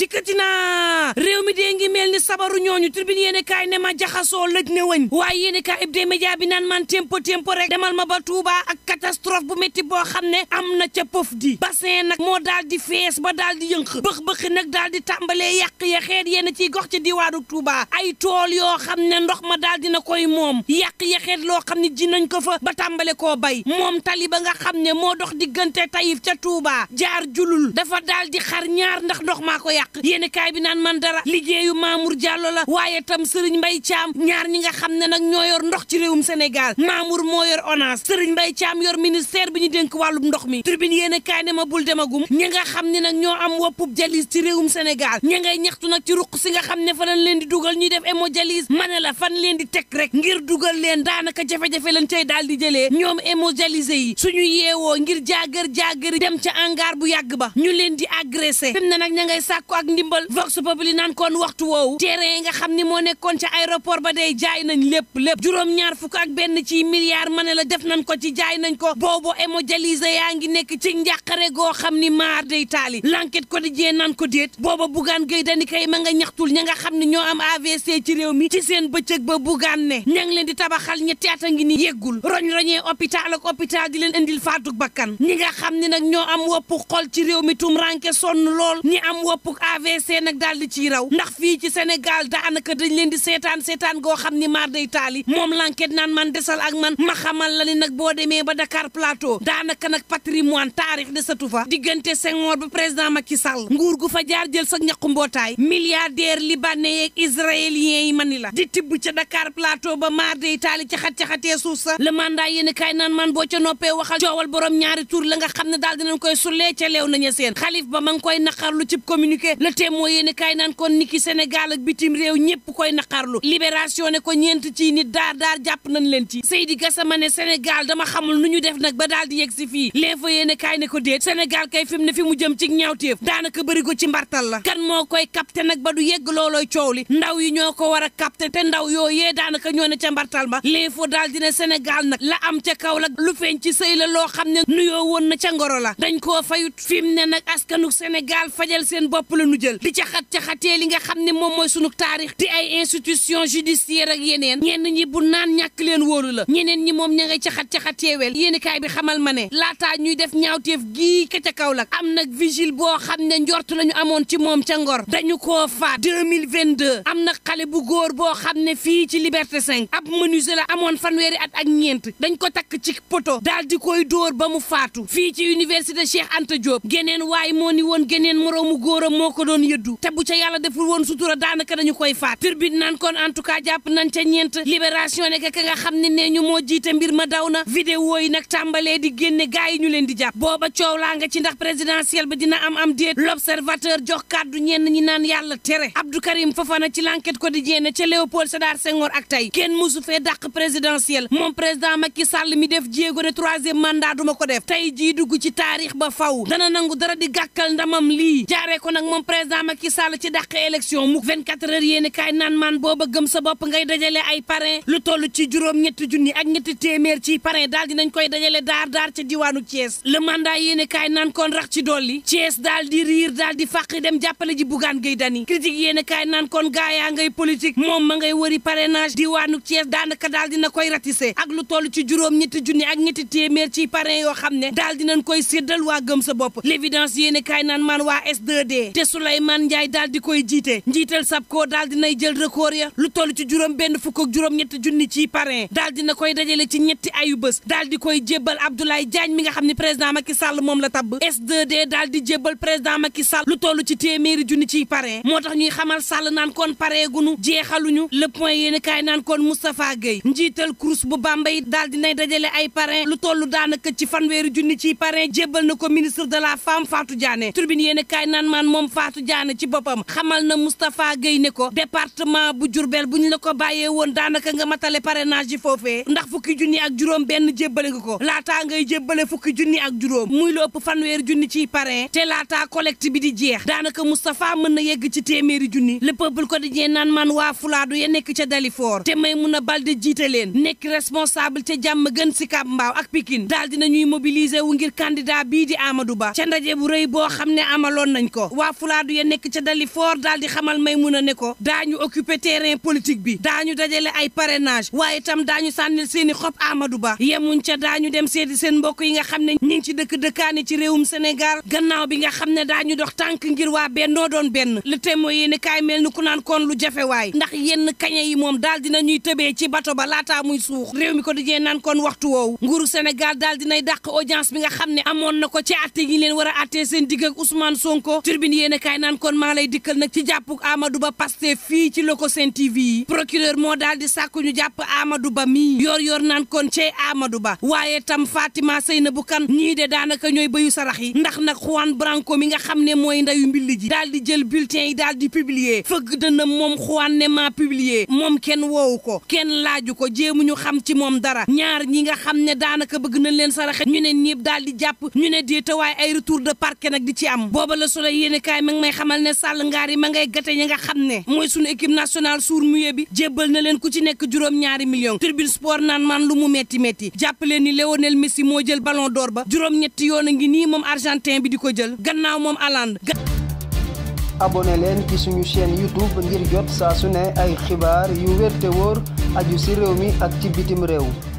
dikkati naa réew mi dee ngi mel ni sabaru ñooñu tribune yéene kaay ne ma jaxasoo lëj ne wëñ waaye yéene kaay ibdee média bi naan man tempo tempo rek demal ma ba Touba ak catastrophe bu métti boo xam ne am na ca pof di bassin nag moo daal di fees ba daal di yënq bëx nag daal di tàmbalee yàq ya xeet yéen ci gox ci diwaanu Touba ay tool yoo xam ne ndox ma daal na koy moom yàq ya xeet loo xam ne ji nañ ko fa ba tàmbale koo bay moom tali ba nga xam ne moo dox diggante Taïf ca Touba jaar julul dafa daal di xar ñaar ndax ndox maa ko yàq yéen kaay bi naan man dara liggéeyu Mamour Diallo la waaye tam Serigne Mbaye Thiam ñaar ñi nga xam ne nag ñoo yor ndox ci réewum Sénégal Mamour moo yor ONAS Serigne Mbaye Thiam yor ministère bi ñu dénk wàllum ndox mi Tribune yéen kaay ne ma bul demagum ñi nga xam ne nag ñoo am woppub jalis ci réewum Sénégal ña ngay ñaxtu nag ci ruq si nga xam ne fa lañ leen di dugal ñuy def hémodialyse ma ne la fan leen di teg rek ngir dugal leen daanaka jafe-jafe lañ cay daal di jëlee ñoom hémodialysé yi suñu yeewoo ngir jaagër jaagër dem ca angaar bu yàgg ba ñu leen di agressé fim ne nag ña ngay sàkku ak ndimbal vox populi naan kon waxtu woowu terrain yi nga xam ni moo nekkoon ca aéroport ba day jaay nañ lépp lépp juróom ñaar fukk ak benn ci milliards ma ne la def nañ ko ci jaay nañ ko boobu hémodialyse yaa ngi nekk ci njàqare goo xam ni maar day taali l'enquête ko di jee naan ko déet booba bugaan géy dani kay ma nga ñaxtul ña nga xam ne ñoo am AVC ci réew mi ci seen bëccëg ba bugaan ne ña leen di tabaxal ñetti at a ngi ni yeggul roñ-roñee hôpital ak hôpital di leen indil faatuk bakkan ñi nga xam ne ñoo am wopp xol ci réew mi tum ranke sonn lool AVC nag daal di ci raw ndax fii ci Sénégal daanaka dañ leen di seetaan seetaan goo xam ni maar day taali moom l'enquête naan man desal ak man ma xamal la ni nag boo demee ba Dakar Plateau daanaka nag patrimoine taarix desatu fa diggante Senghor ba président Macky Sall nguur gu fa jaar jël sa ñaqu mbootaay milliardaire libanais yeeg israélien yi mani la di tibb ca Dakar Plateau ba maar day taali caxat caxatee suuf sa le mandat yéen kaay nan man boo ca noppee waxal coowal borom ñaari tur la nga xam ne daal dinañ koy sulee ca leew nañu seen ba ma ngi koy naqarlu cib communiqué jugee le témoin yéen kaay naan kon niki Sénégal ak bitim réew ñëpp koy naqarlu libération ne ko ñeent ci nit daar daar jàpp nañ leen ci Seydi Gassama ne Sénégal dama xamul nu ñu def nag ba daal yeg si fii l'info yéen kaay ne ko déet Sénégal kay fi mu ne fi mu jëm ci ñaawteef daanaka bëri ko ci mbartal la kan moo koy capté nag ba du yegg loolooy coow li ndaw yi ñoo ko war a capté te ndaw yoo yooyee daanaka ñoo ne ca mbartal ma l'info daal dina Sénégal nag la am ca kaw la lu ci sëy loo xam ne nuyoo woon na ca ngoro la dañ koo fayut fi ne nag askanu Sénégal fajal seen bopp la ñu jël di ca xat ca xatee nga xam ne moom mooy sunu taarix di ay institution judiciaire ak yeneen ñenn ñi bu naan ñàkk leen wóolu la ñeneen ñi moom ña ngay ca xat ca xateewel yéenikaay bi xamal ma ne laataa ñuy def ñaawteef gii ka ca Kaolack am nag vigile boo xam ne njort la ñu amoon ci moom ca Ngor dañu koo faat 2022 am na xale bu góor boo xam ne fii ci Liberté 5 ab menuisier la amoon fanweeri at ak ñeent dañ ko takk ci poto daal di koy dóor ba mu faatu fii ci université Cheikh Anta Diop moo ko doon yëddu te bu ca yàlla deful woon sutura daanaka dañu koy faat turbine nan kon en jàpp nañ ca ñeent libération ne ka nga xam ne nee ñu moo jiite mbir ma daw na vidéo yi nag tàmbalee di génne gaay leen di jàpp booba coow laa nga ci ndax présidentiel ba dina am am déet l'observateur jox kàddu ñenn ñi naan yàlla tere Abdou Karim Fofana ci l'enquête quotidienne ca Léopold Sédar Senghor ak tey kenn musu fee dàq présidentiel moom président Macky ko def tey jii dugg ci taarix ba faw moom président Macky Sall ci dàq élection mu 24 heures yéeni kaay naan maan booba gëm sa bopp ngay dajale ay parrain lu toll ci juróom ñetti junni ak ñetti téeméer ci parrain daal dinañ koy dajale daar daar ca diwaanu Thiès le mandat yéeni kaay rax ci dolli Thiès daal di riir daal di fàqi dem jàppale ji Bougane Gueye Dany critique yéeni kaay naan kon gaayaa ngay politique moom ma ngay wëri parrainage diwaanu Thiès daanaka daal dina koy ratissé ak lu toll ci juróom ñetti junni ak ñetti téeméer ci parrain yoo xam ne daal dinañ koy séddal waa gëm sa bopp l'évidence yéeni kaay naan maan waa s d Souleymane Ndiaye daal di koy jiite njiital SAPCO daal dinay jël record ya lu toll ci juróom benn fukk ak juróom ñetti junni ci parrain daal dina koy dajale ci ñetti ayu bés daal di koy jébbal Abdoulaye Diagne mi nga xam ne président Macky Sall moom la tabb S2D daal di jébbal président Macky Sall lu toll ci téeméeri junni ci parrain moo tax ñuy xamal Sall naan kon pareegunu jeexaluñu le point yéeni kaay naan kon Moustapha Gueye njiital kurus bu Bambey daal dinay dajale ay parrain lu toll daanaka ci fanweeri junni ci parrain jébbal na ko ministre de la femme Fatou Diané turbine yéeni kaay naan maan moom Fatou Diané ci boppam xamal na Moustapha Guèye ne ko département bu Diourbel bu ñu la ko bàyyee woon daanaka nga matale parrainage yi foofee ndax fukki junni ak juróom benn jébbale nga ko laataa ngay jébbale fukki junni ak juróom muy lu ëpp fanweeri junni ci parrain te laataa collecte bi di jeex daanaka Moustapha mën na yegg ci téeméeri junni le peuple quotidien naan man waa Fulaadu ya nekk ca Dalifort te may Maimouna Baldé jiite leen nekk responsable ca jàmm gën si Kab ak Pikine daal dina ñuy mobiliser wu ngir candidat bii di Amadou ndaje bu rëy boo xam ne amaloon nañ ko Fuladu ya nekk ca Dalifort daal di xamal Maymuna ne ko daañu occupé politique bi daañu dajale ay parrainage waaye itam daañu sànnil seen i xob Amadou Ba yemuñ ca daañu dem seeti seen mbokk yi nga xam ne ñi ngi ci dëkk dëkkaani ci réewum Sénégal gannaaw bi nga xam ne daañu dox tànk ngir waa bennoo doon benn le témoin yéen kaay mel ni ku naan kon lu jafewaay ndax yenn kaña yi moom daal dina ñuy tëbee ci bato ba laataa muy suux réew mi ko dijee naan kon waxtu woowu nguuru Sénégal daal nay daq audience bi nga xam ne amoon na ko ci atte yi leen war a seen digg ak Ousmane Sonko turbine yéen naan kon maa lay dikkal nag ci jàpp Amadou Ba Pastef fii ci loko Sen TV yi procureur moo daal di sàkku ñu jàpp Amadou Ba mii yor yor naan kon cey Amadou Ba waaye tam Fatima Seynabou Kane ñii de daanaka ñooy béyu sarax yi ndax nag Juan Branco mi nga xam ne mooy ndayu mbilli ji daal di jël bulletin yi daal di publier fëgg dëna moom Juan ne maa publier moom kenn woowu ko kenn laaju ko ñu xam ci moom dara ñaar ñi nga xam ne daanaka bëgg nañ leen saraxe ñu ne ñépp daal di jàpp ñu ne déeta waaye ay retour de parquet nag di ci am boobal la solo yéene Ndiaye ma ngi may xamal ne Sall ngaar yi ma ngay gate ñi nga xam ne mooy sunu équipe nationale suur muet bi jébbal na leen ku ci nekk juróom-ñaari million tribune sport naan man lu mu metti metti jàppaleen ni Lionel Messi moo jël ballon door ba juróom-ñetti yoon a ngi nii moom argentin bi di ko jël gannaaw moom Haaland abonné leen ci suñu chaîne youtube ngir jot saa su ne ay xibaar yu wér te wóor aju ci réew mi ak ci bitim réew